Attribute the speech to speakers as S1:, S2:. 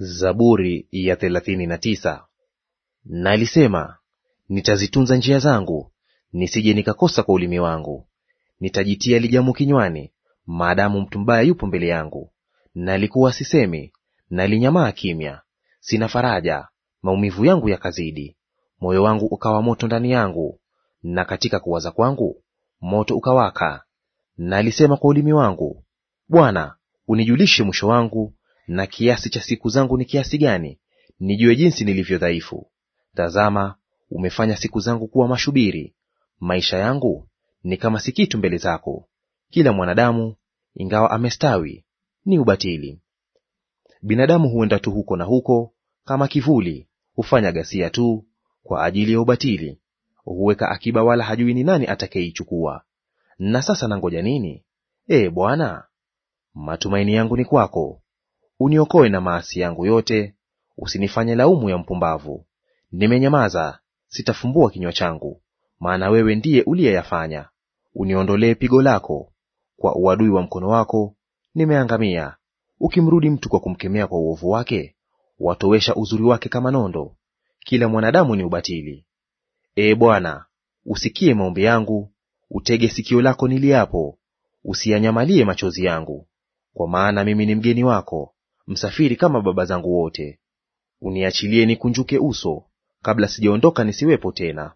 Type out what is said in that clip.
S1: Zaburi ya thelathini na tisa. Nalisema, nitazitunza njia zangu, nisije nikakosa kwa ulimi wangu. Nitajitia lijamu kinywani, maadamu mtu mbaya yupo mbele yangu. Nalikuwa sisemi, nalinyamaa kimya, sina faraja, maumivu yangu yakazidi. Moyo wangu ukawa moto ndani yangu, na katika kuwaza kwangu moto ukawaka. Nalisema kwa ulimi wangu, Bwana, unijulishe mwisho wangu na kiasi cha siku zangu ni kiasi gani, nijue jinsi nilivyo dhaifu. Tazama, umefanya siku zangu kuwa mashubiri, maisha yangu ni kama si kitu mbele zako. Kila mwanadamu ingawa amestawi ni ubatili. Binadamu huenda tu huko na huko kama kivuli, hufanya ghasia tu kwa ajili ya ubatili, huweka akiba wala hajui ni nani atakayeichukua. Na sasa nangoja nini? E Bwana, matumaini yangu ni kwako. Uniokoe na maasi yangu yote, usinifanye laumu ya mpumbavu. Nimenyamaza, sitafumbua kinywa changu, maana wewe ndiye uliyeyafanya. Uniondolee pigo lako, kwa uadui wa mkono wako nimeangamia. Ukimrudi mtu kwa kumkemea kwa uovu wake, watowesha uzuri wake kama nondo. Kila mwanadamu ni ubatili. Ee Bwana, usikie maombi yangu, utege sikio lako niliapo, usiyanyamalie machozi yangu, kwa maana mimi ni mgeni wako, msafiri kama baba zangu wote. Uniachilie nikunjuke uso, kabla sijaondoka nisiwepo tena.